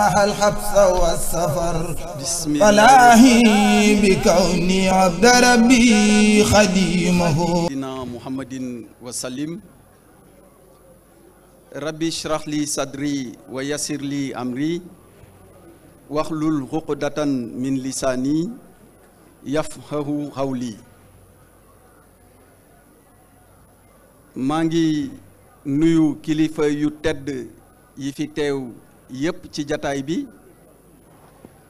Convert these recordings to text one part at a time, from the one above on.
سمح الحبس والسفر فلاهي بكوني عبد ربي خديمه سيدنا محمد وسلم ربي اشرح لي صدري ويسر لي أمري واحلل عقدة من لساني يفقهوا قولي maa ngi nuyu kilifa yu tedd yi fi teew yépp ci jataay bi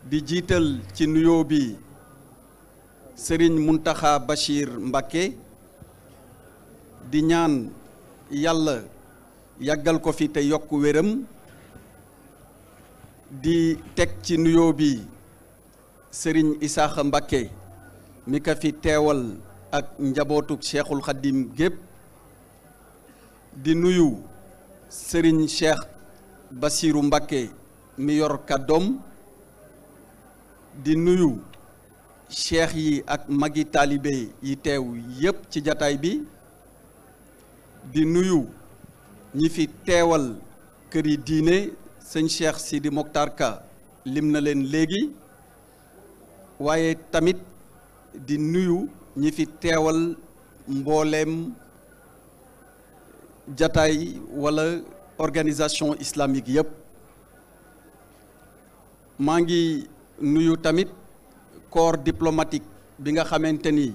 di jiital ci nuyoo bi sëriñ Muntaxa bashir Mbakke di ñaan yàlla yàggal ko fi te yokk wéram di teg ci nuyoo bi sëriñ Isaaxa Mbakke mi ka fi teewal ak njabootuk Cheikhul Xaddim gépp di nuyu sëriñ Cheikh basiiru Mbacké mi yor kàddoom di nuyu cheikh yi ak magi taalibe yi teew yépp ci jataay bi di nuyu ñi fi teewal kër yi diine sëñ cheikh Sidi Mokhtar Ka lim na leen léegi waaye tamit di nuyu ñi fi teewal mbooleem jataay walla organisation islamique yëpp maa ngi nuyu tamit corps diplomatique bi nga xamante ni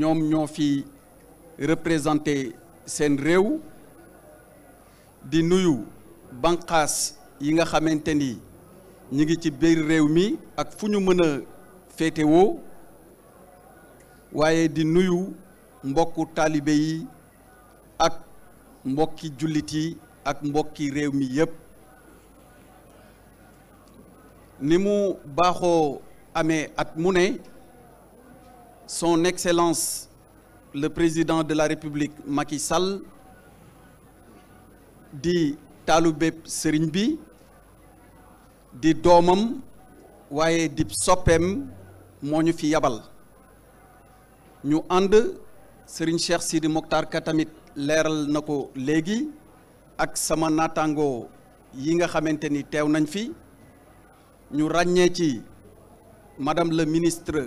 ñoom ñoo fi représenté seen réew di nuyu banqaas yi nga xamante ni ñi ngi ci biir réew mi ak fu ñu mën a féetewoo waaye di nuyu mbokku taalibe yi ak mbokki jullit yi ak mbokki réew mi yépp ni mu baaxoo amee at mu ne son excellence le président de la république Macky Sall di taalubéb sëriñ bi di doomam waaye di soppeem moo ñu fi yabal ñu ànd sëriñ Cheikh Sidi Mokhtar Ka tamit leeral na ko léegi ak sama nataangoo yi nga xamante ni teew nañ fi ñu ràññee ci madame le ministre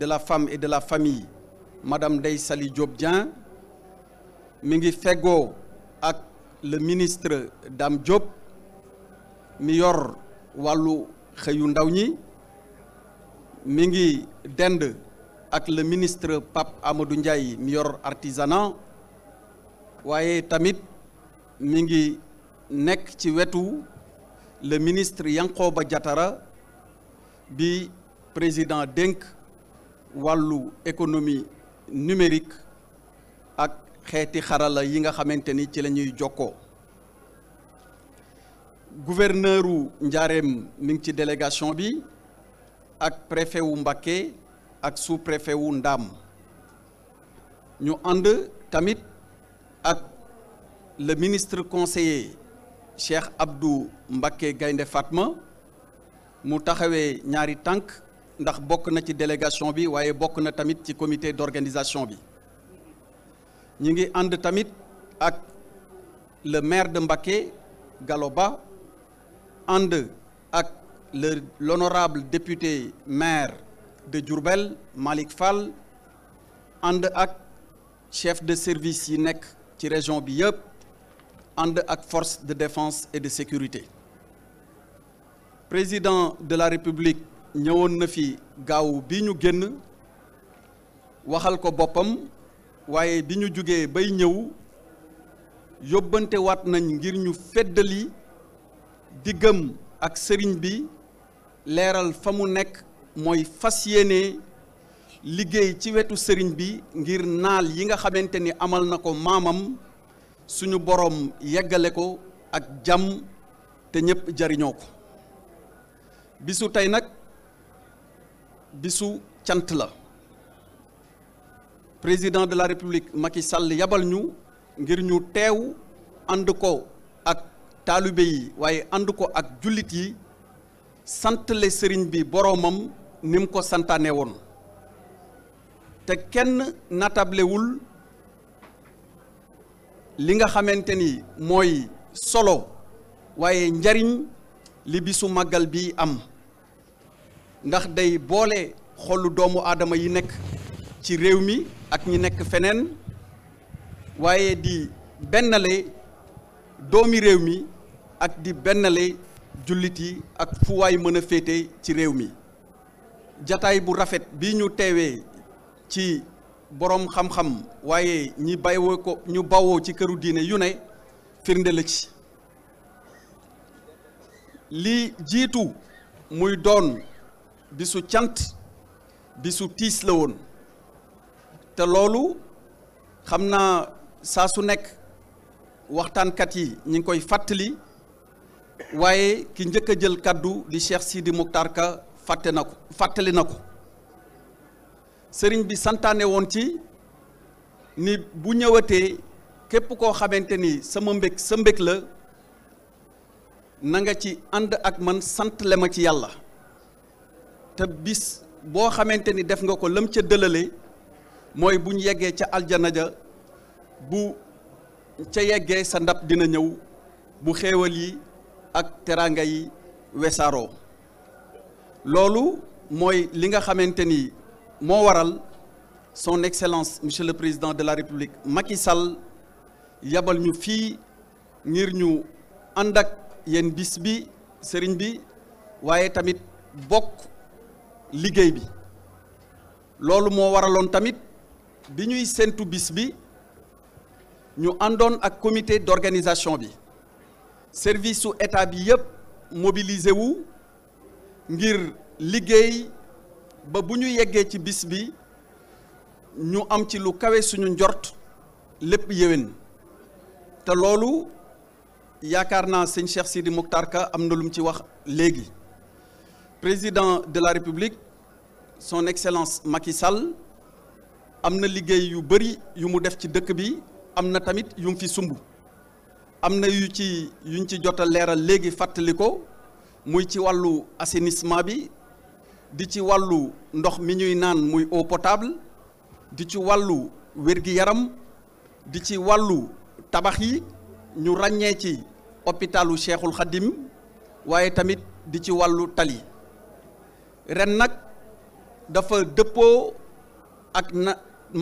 de la femme et de la famille madame Ndeye sali Diop jen mi ngi feggoo ak le ministre Dame Diop mi yor wàllu xëyu ndaw ñi mi ngi dend ak le ministre Pape amadu Ndiaye mi yor artisanat waaye tamit mi ngi nekk ci wetu le ministre ba jatara bi président dénk wàllu économie numérique ak xeeti xarala yi nga xamante ni ci lañuy ñuy jokkoo gouverneur u Njaareem mi ngi ci délégation bi ak préfet wu Mbacké ak sous préfet wu Ndaam ñu ànd tamit ak le ministre conseiller Cheikh Abdou Mbacké Gaynde Fatma mu taxawee ñaari tànk ndax bokk na ci délégation bi waaye bokk na tamit ci comité d'organisation bi ñu ngi ànd tamit ak le maire de Mbacké Gallo Ba ànd ak le l'honorable député maire de Diourbel Malick Fall ànd ak chef de service yi nekk ci région bi yëpp ànd ak force de défense et de sécurité président de la république ñëwoon na fi gaaw bi ñu génn waxal ko boppam waaye bi ñu jógee bay ñëw yóbbante waat nañ ngir ñu feddali diggam ak sëriñ bi leeral fa mu nekk mooy fas yéene liggéey ci wetu sëriñ bi ngir naal yi nga xamante ni amal na ko maamam suñu boroom yeggale ko ak jàmm te ñépp jariñoo ko bisu tey nag bisu cant la président de la république Macky Sall yabal ñu ngir ñu teew ànd ko ak taalibe yi waaye ànd ko ak jullit yi santale sëriñ bi boroomam nim ko santaane woon te kenn natablewul li nga xamante ni mooy solo waaye njariñ li bisu màggal bi am ndax day boole xolu doomu aadama yi nekk ci réew mi ak ñi nekk feneen waaye di bennale doomi réew mi ak di bennale jullit yi ak fu waay mën a féete ci réew mi jataay bu rafet bi ñu teewee ci boroom xam-xam waaye ñi bàyyoo ko ñu bawoo ci këru diine yu ne firnde la ci li jiitu muy doon bisu cant bisu tiis la woon te loolu xam naa saa su nekk waxtaankat yi ñi koy fàttali waaye ki njëkk a jël kàddu di Cheikh Sidi Mokhtar Ka fàttali na ko sëriñ bi santaane woon ci ni bu ñëwatee képp koo xamante ni sama mbég sa mbég la na nga ci ànd ak man sant le ma ci yàlla te bis boo xamante ni def nga ko lam ca dëlale mooy bu ñu yeggee ca aljana ja bu ca yeggee sa ndab dina ñëw bu xéewal yi ak teraanga yi wesaroo loolu mooy li nga xamante ni moo waral son excellence monsieur le président de la république Macky Sall yabal ñu fii ngir ñu ànd ak yéen bis bi sëriñ bi waaye tamit bokk liggéey bi loolu moo waraloon tamit bi ñuy séntu bis bi ñu àndoon ak comité d'organisation bi service su état bi yépp mobilisé wu ngir liggéey ba bu ñu yeggee ci bis bi ñu am ci lu kawe suñu njort lépp yéwén te loolu yaakaar naa sëñ Cheikh Sidi Mokhtar Ka am na lu mu ci wax léegi président de la République son excellence Macky Sall am na liggéey yu bëri yu mu def ci dëkk bi am na tamit yu fi sumb am na yu ci yuñ ci jot a leeral léegi fàttali ko muy ci wàllu assainissement bi di ci wàllu ndox mi ñuy naan muy eau potable di ci wàllu wér-gi-yaram di ci wàllu tabax yi ñu ràññee ci hôpitalu Cheikhul Khadim waaye tamit di ci wàllu tali ren nag dafa dëppoo ak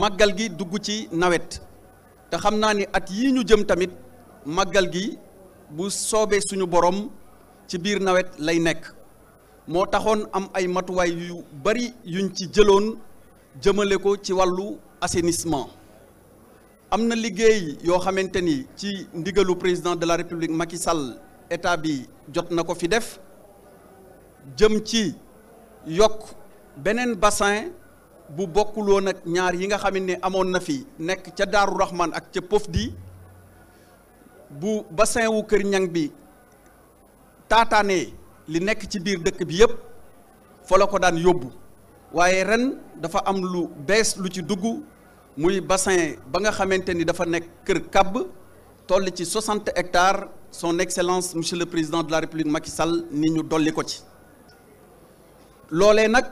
màggal gi dugg ci nawet te xam naa ni at yi ñu jëm tamit màggal gi bu soobee suñu boroom ci biir nawet lay nekk moo taxoon am ay matuwaay yu bari yuñ ci jëloon jëmale ko ci wàllu assainissement am na liggéey yoo xamante ni ci ndigalu président de la république Macky Sall état bi jot na ko fi def jëm ci yokk beneen bassin bu bokkuloon ak ñaar yi nga xam ni amoon na fi nekk ca Daaru Rahman ak ca Pofdi bu bassin wu Kër Ñang bi taataanee li nekk ci biir dëkk bi yépp fa la ko daan yóbbu waaye ren dafa am lu bees lu ci dugg muy bassin ba nga xamante ni dafa nekk kër kàbb toll ci 60 hectares son excellence monsieur le président de la république Macky Sall ni ñu dolli ko ci loolee nag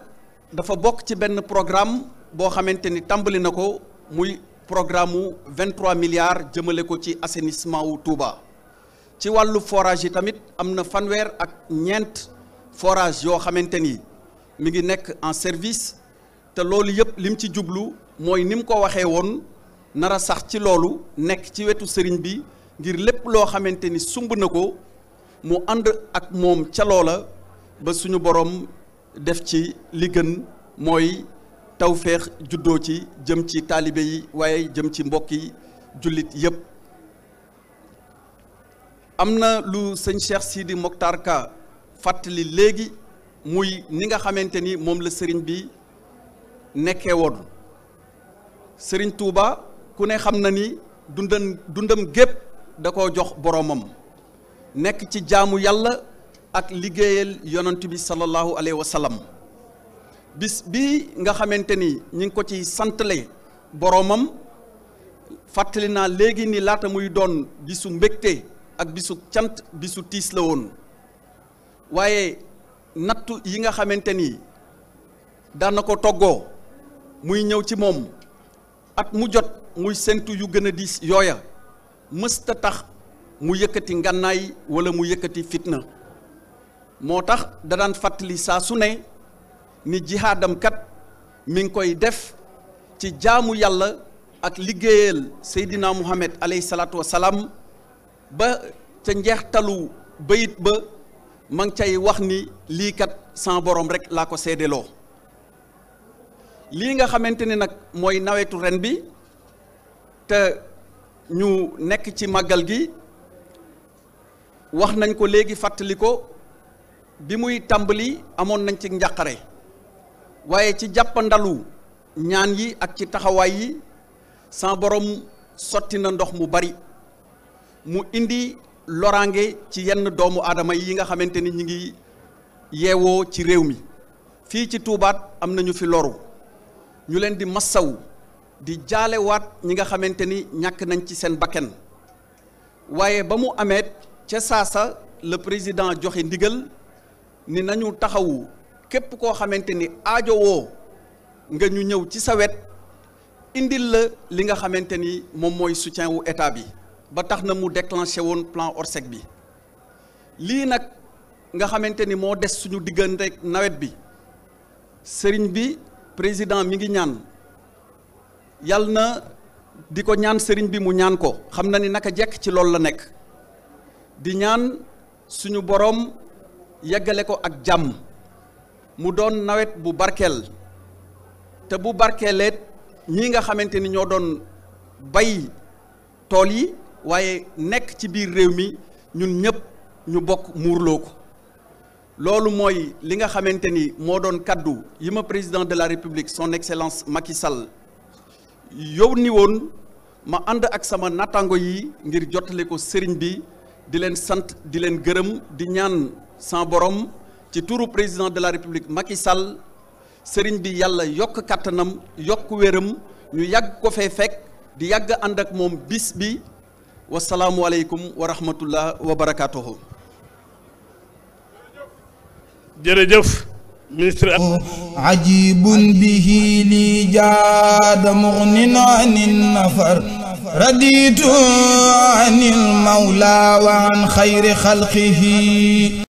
dafa bokk ci benn programme boo xamante ni tàmbali na ko muy programme mu 23 milliards jëmale ko ci assainissement wu Touba ci wàllu forage yi tamit am na fanweer ak ñeent forage yoo xamante ni mu ngi nekk en service te loolu yëpp lim ci jublu mooy ni mu ko waxee woon nar a sax ci loolu nekk ci wetu sëriñ bi ngir lépp loo xamante ni sumb na ko mu ànd ak moom ca loola ba suñu borom def ci li gën mooy tawféex juddoo ci jëm ci taalibe yi waaye jëm ci mbokk yi jullit yëpp. am na lu sëñ Cheikh Sidi Mokhtar Ka fàttali léegi muy ni nga xamante ni moom la sëriñ bi nekkee woon sëriñ tuuba ku ne xam na ni dundam dundam gépp da koo jox boromam nekk ci jaamu yàlla ak liggéeyal yonent bi sallallahu alayhi wa sallam bis bi nga xamante ni ñu ngi ko ci santale boroomam fàttali naa léegi ni laata muy doon bisu mbégte. ak bisu cant bisu tiis la woon waaye nattu yi nga xamante ni daan ko toggoo muy ñëw ci moom at mu jot muy sentu yu gën a diis yooya mësta tax mu yëkkati ngànnaay wala mu yëkkati fitna moo tax da daan fàttali saa su ne ni jihaadam mi ngi koy def ci jaamu yàlla ak liggéeyal seydina muhammad aleyhi salaatu salaam ba ca njeextalu bayit ba ma cay wax ni liikat kat sans borom rek laa ko seedeloo lii nga xamante ni nag mooy nawetu ren bi te ñu nekk ci màggal gi wax nañ ko léegi fàttali ko bi muy tàmbali amoon nañ ci njàqare waaye ci jàppandalu ñaan yi ak ci taxawaay yi sans boroom sotti na ndox mu bari mu indi loraange ci yenn doomu aadama yi nga xamante ni ñu ngi yeewoo ci réew mi fii ci tuubaat am nañu fi loru ñu leen di massaw di jaalewaat ñi nga xamante ni ñàkk nañ ci seen bakken waaye ba mu amee ca saasa le président joxe ndigal ni nañu taxawu képp koo xamante ni aajowoo nga ñu ñëw ci sa wet indil la li nga xamante ni moom mooy soutien wu état bi ba tax na mu déclenché woon plan Orsec bi lii nag nga xamante ni moo des suñu diggante nawet bi sëriñ bi président mi ngi ñaan yal na di ko ñaan sëriñ bi mu ñaan ko xam na ni naka jekk ci loolu la nekk di ñaan suñu boroom yeggale ko ak jàmm mu doon nawet bu barkeel te bu barkeeleet ñi nga xamante ni ñoo doon bay tool yi waaye nekk ci biir réew mi ñun ñëpp ñu bokk muurloo ko loolu mooy li nga xamante ni moo doon kàddu yi ma président de la république son excellence Macky Sall yow ni woon ma ànd ak sama nattango yi ngir jotale ko sëriñ bi di leen sant di leen gërëm di ñaan sans borom ci turu président de la république Macky Sall sëriñ bi yàlla yokk kattanam yokk wéram ñu yàgg ko fee fekk di yàgg ànd ak moom bis bi wasalaamualeykum wa rahmatullah wa barakaatuhu. jërëjëf. ministre. ajibun bihi li jaada mugnin anin nafar raditu anil mawla wa an xayri xalqihi